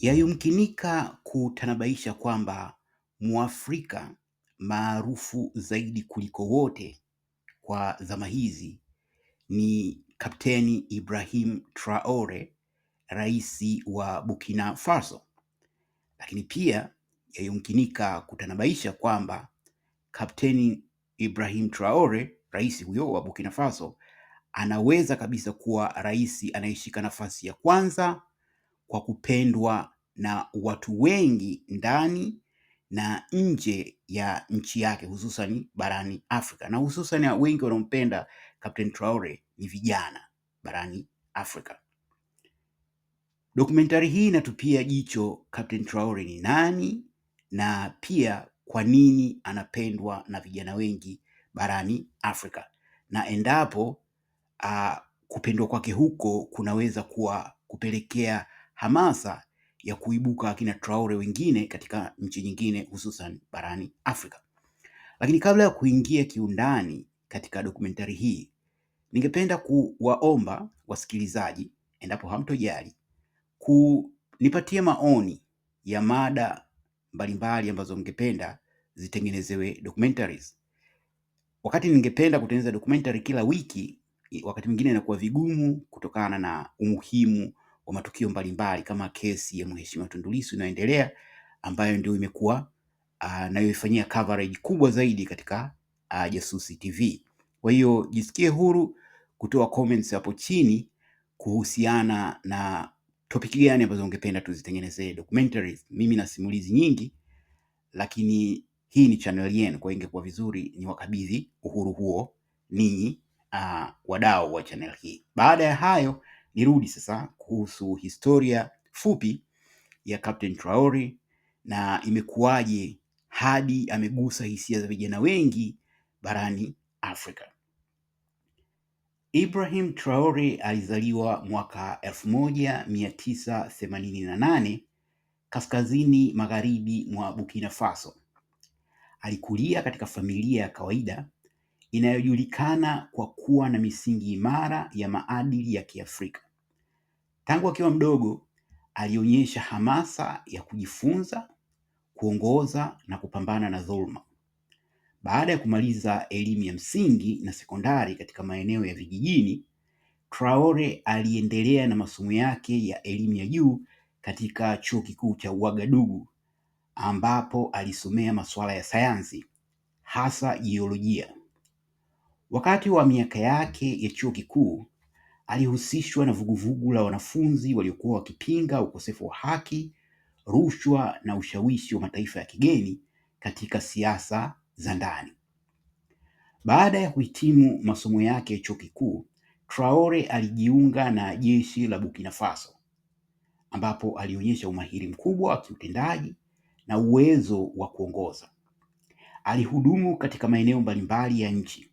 yayumkinika kutanabaisha kwamba Muafrika maarufu zaidi kuliko wote kwa zama hizi ni Kapteni Ibrahim Traore, rais wa Burkina Faso, lakini pia yayumkinika kutanabaisha kwamba Kapteni Ibrahim Traore, rais huyo wa Burkina Faso, anaweza kabisa kuwa rais anayeshika nafasi ya kwanza kwa kupendwa na watu wengi ndani na nje ya nchi yake hususan barani Afrika na hususan wengi wanaompenda Captain Traore ni vijana barani Afrika. Dokumentari hii inatupia jicho Captain Traore ni nani na pia kwa nini anapendwa na vijana wengi barani Afrika na endapo uh, kupendwa kwake huko kunaweza kuwa kupelekea hamasa ya kuibuka akina Traore wengine katika nchi nyingine hususan barani Afrika. Lakini kabla ya kuingia kiundani katika dokumentari hii, ningependa kuwaomba wasikilizaji, endapo hamtojali, kunipatia maoni ya mada mbalimbali ambazo mngependa zitengenezewe documentaries. Wakati ningependa kutengeneza documentary kila wiki, wakati mwingine inakuwa vigumu kutokana na umuhimu wa matukio mbalimbali kama kesi ya Mheshimiwa Tundu Lissu inayoendelea ambayo ndio imekuwa anayoifanyia ah, coverage kubwa zaidi katika uh, Jasusi TV. Kwa hiyo jisikie huru kutoa comments hapo chini kuhusiana na topic gani ambazo ungependa tuzitengenezee documentaries. Mimi na simulizi nyingi, lakini hii ni channel yenu, kwa ingekuwa vizuri ni wakabidhi uhuru huo ninyi, uh, wadau wa channel hii. Baada ya hayo nirudi sasa kuhusu historia fupi ya Captain Traore na imekuwaje hadi amegusa hisia za vijana wengi barani Afrika. Ibrahim Traore alizaliwa mwaka 1988 kaskazini magharibi mwa Burkina Faso. Alikulia katika familia ya kawaida inayojulikana kwa kuwa na misingi imara ya maadili ya Kiafrika. Tangu akiwa mdogo, alionyesha hamasa ya kujifunza, kuongoza na kupambana na dhuluma. Baada ya kumaliza elimu ya msingi na sekondari katika maeneo ya vijijini, Traore aliendelea na masomo yake ya elimu ya juu katika Chuo Kikuu cha Ouagadougou ambapo alisomea masuala ya sayansi hasa jiolojia. Wakati wa miaka yake ya chuo kikuu alihusishwa na vuguvugu la wanafunzi waliokuwa wakipinga ukosefu wa haki, rushwa na ushawishi wa mataifa ya kigeni katika siasa za ndani. Baada ya kuhitimu masomo yake ya chuo kikuu, Traore alijiunga na jeshi la Burkina Faso ambapo alionyesha umahiri mkubwa wa kiutendaji na uwezo wa kuongoza. Alihudumu katika maeneo mbalimbali ya nchi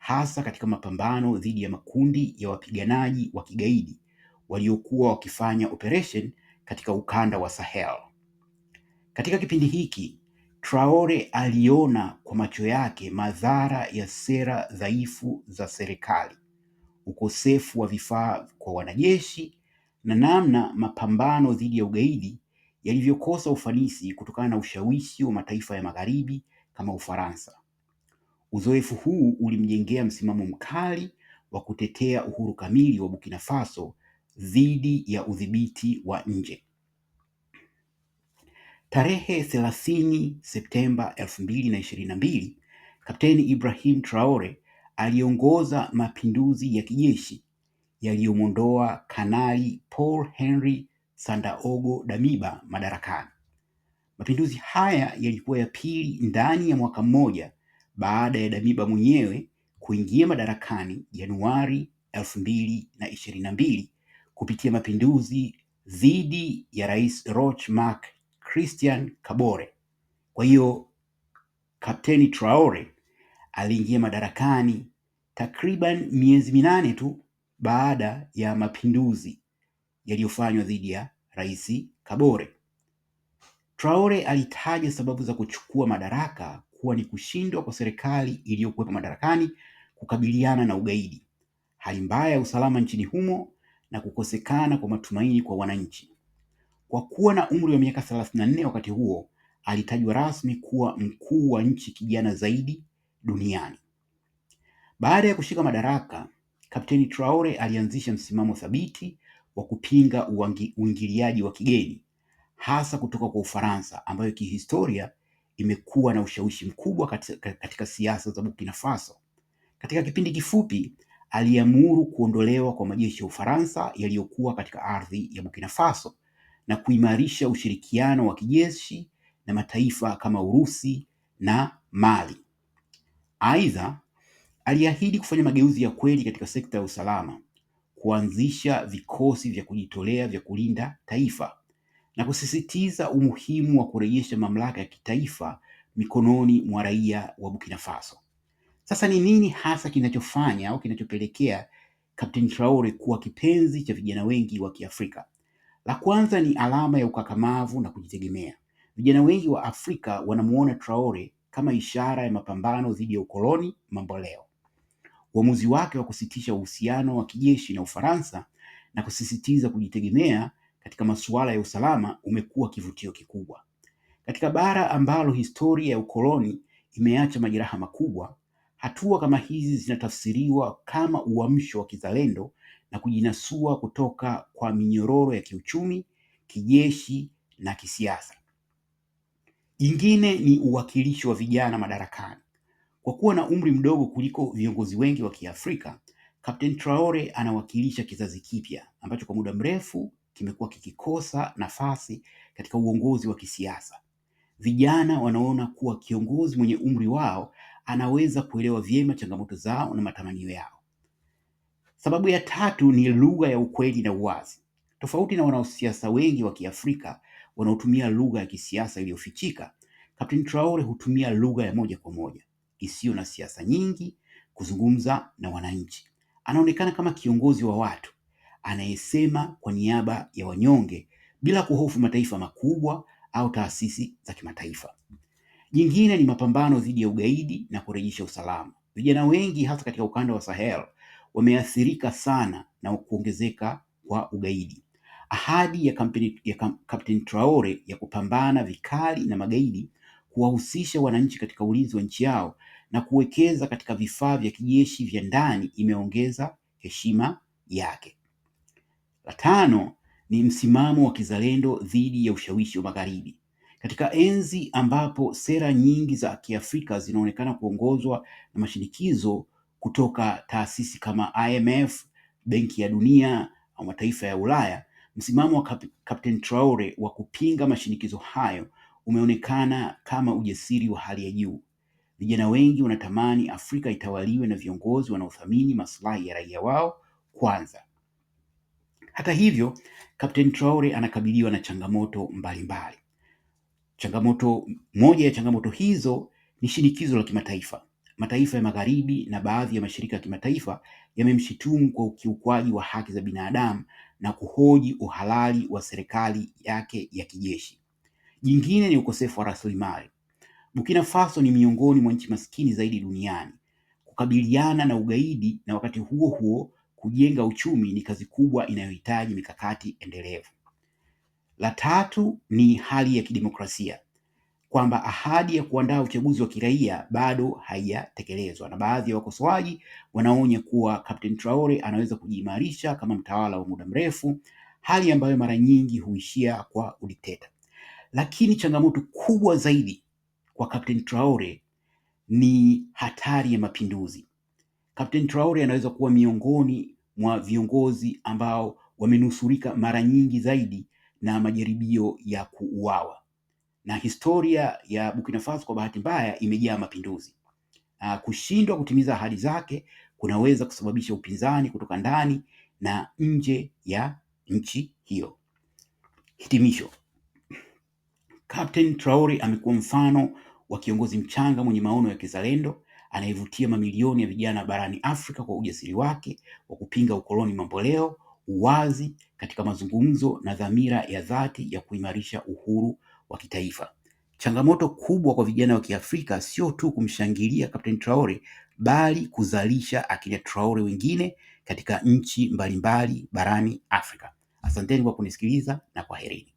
hasa katika mapambano dhidi ya makundi ya wapiganaji wa kigaidi waliokuwa wakifanya operation katika ukanda wa Sahel. Katika kipindi hiki, Traore aliona kwa macho yake madhara ya sera dhaifu za serikali, ukosefu wa vifaa kwa wanajeshi na namna mapambano dhidi ya ugaidi yalivyokosa ufanisi kutokana na ushawishi wa mataifa ya Magharibi kama Ufaransa. Uzoefu huu ulimjengea msimamo mkali wa kutetea uhuru kamili wa Burkina Faso dhidi ya udhibiti wa nje. Tarehe 30 Septemba 2022, Kapteni Ibrahim Traore aliongoza mapinduzi ya kijeshi yaliyomwondoa Kanali Paul henry Sandaogo Damiba madarakani. Mapinduzi haya yalikuwa ya pili ndani ya mwaka mmoja baada ya Damiba mwenyewe kuingia madarakani Januari elfu mbili na ishirini na mbili kupitia mapinduzi dhidi ya Rais Roch Marc Christian Kabore. Kwa hiyo Kapteni Traore aliingia madarakani takriban miezi minane tu baada ya mapinduzi yaliyofanywa dhidi ya Rais Kabore. Traore alitaja sababu za kuchukua madaraka kuwa ni kushindwa kwa serikali iliyokuwepo madarakani kukabiliana na ugaidi, hali mbaya ya usalama nchini humo na kukosekana kwa matumaini kwa wananchi. Kwa kuwa na umri wa miaka 34 wakati huo, alitajwa rasmi kuwa mkuu wa nchi kijana zaidi duniani. Baada ya kushika madaraka, Kapteni Traore alianzisha msimamo thabiti wa kupinga uingiliaji wa kigeni hasa kutoka kwa Ufaransa ambayo kihistoria imekuwa na ushawishi mkubwa katika, katika siasa za Burkina Faso. Katika kipindi kifupi aliamuru kuondolewa kwa majeshi ya Ufaransa yaliyokuwa katika ardhi ya Burkina Faso na kuimarisha ushirikiano wa kijeshi na mataifa kama Urusi na Mali. Aidha, aliahidi kufanya mageuzi ya kweli katika sekta ya usalama, kuanzisha vikosi vya kujitolea vya kulinda taifa, na kusisitiza umuhimu wa kurejesha mamlaka ya kitaifa mikononi mwa raia wa Burkina Faso. Sasa ni nini hasa kinachofanya au kinachopelekea Kapteni Traore kuwa kipenzi cha vijana wengi wa Kiafrika? La kwanza ni alama ya ukakamavu na kujitegemea. Vijana wengi wa Afrika wanamuona Traore kama ishara ya mapambano dhidi ya ukoloni mamboleo. Uamuzi wake wa kusitisha uhusiano wa kijeshi na Ufaransa na kusisitiza kujitegemea katika masuala ya usalama umekuwa kivutio kikubwa. Katika bara ambalo historia ya ukoloni imeacha majeraha makubwa, hatua kama hizi zinatafsiriwa kama uamsho wa kizalendo na kujinasua kutoka kwa minyororo ya kiuchumi, kijeshi na kisiasa. Jingine ni uwakilishi wa vijana madarakani. Kwa kuwa na umri mdogo kuliko viongozi wengi wa Kiafrika, Kapteni Traore anawakilisha kizazi kipya ambacho kwa muda mrefu kimekuwa kikikosa nafasi katika uongozi wa kisiasa. Vijana wanaona kuwa kiongozi mwenye umri wao anaweza kuelewa vyema changamoto zao na matamanio yao. Sababu ya tatu ni lugha ya ukweli na uwazi. Tofauti na wanasiasa wengi wa Kiafrika wanaotumia lugha ya kisiasa iliyofichika, Kapteni Traore hutumia lugha ya moja kwa moja isiyo na siasa nyingi kuzungumza na wananchi. Anaonekana kama kiongozi wa watu, anayesema kwa niaba ya wanyonge bila kuhofu mataifa makubwa au taasisi za kimataifa. Jingine ni mapambano dhidi ya ugaidi na kurejesha usalama. Vijana wengi hasa katika ukanda wa Sahel wameathirika sana na kuongezeka kwa ugaidi. Ahadi ya kampeni ya Captain Traore ya kupambana vikali na magaidi, kuwahusisha wananchi katika ulinzi wa nchi yao na kuwekeza katika vifaa vya kijeshi vya ndani imeongeza heshima yake. La tano ni msimamo wa kizalendo dhidi ya ushawishi wa Magharibi. Katika enzi ambapo sera nyingi za Kiafrika zinaonekana kuongozwa na mashinikizo kutoka taasisi kama IMF, Benki ya Dunia au mataifa ya Ulaya, msimamo wa Kap Kapteni Traore wa kupinga mashinikizo hayo umeonekana kama ujasiri wa hali ya juu. Vijana wengi wanatamani Afrika itawaliwe na viongozi wanaothamini maslahi ya raia wao kwanza. Hata hivyo, Kapteni Traore anakabiliwa na changamoto mbalimbali mbali. Changamoto moja ya changamoto hizo ni shinikizo la kimataifa. Mataifa ya Magharibi na baadhi ya mashirika ya kimataifa yamemshitumu kwa ukiukwaji wa haki za binadamu na kuhoji uhalali wa serikali yake ya kijeshi. Jingine ni ukosefu wa rasilimali. Burkina Faso ni miongoni mwa nchi maskini zaidi duniani. Kukabiliana na ugaidi na wakati huo huo kujenga uchumi ni kazi kubwa inayohitaji mikakati endelevu. La tatu ni hali ya kidemokrasia kwamba ahadi ya kuandaa uchaguzi wa kiraia bado haijatekelezwa na baadhi ya wakosoaji wanaonya kuwa Captain Traore anaweza kujiimarisha kama mtawala wa muda mrefu, hali ambayo mara nyingi huishia kwa udikteta. Lakini changamoto kubwa zaidi kwa Captain Traore ni hatari ya mapinduzi Captain Traore anaweza kuwa miongoni mwa viongozi ambao wamenusurika mara nyingi zaidi na majaribio ya kuuawa, na historia ya Burkina Faso kwa bahati mbaya imejaa mapinduzi. Kushindwa kutimiza ahadi zake kunaweza kusababisha upinzani kutoka ndani na nje ya nchi hiyo. Hitimisho. Captain Traore amekuwa mfano wa kiongozi mchanga mwenye maono ya kizalendo anayevutia mamilioni ya vijana barani Afrika kwa ujasiri wake wa kupinga ukoloni mamboleo, uwazi katika mazungumzo na dhamira ya dhati ya kuimarisha uhuru wa kitaifa. Changamoto kubwa kwa vijana wa Kiafrika sio tu kumshangilia Kapteni Traore bali kuzalisha akina Traore wengine katika nchi mbalimbali barani Afrika. Asanteni kwa kunisikiliza na kwaherini.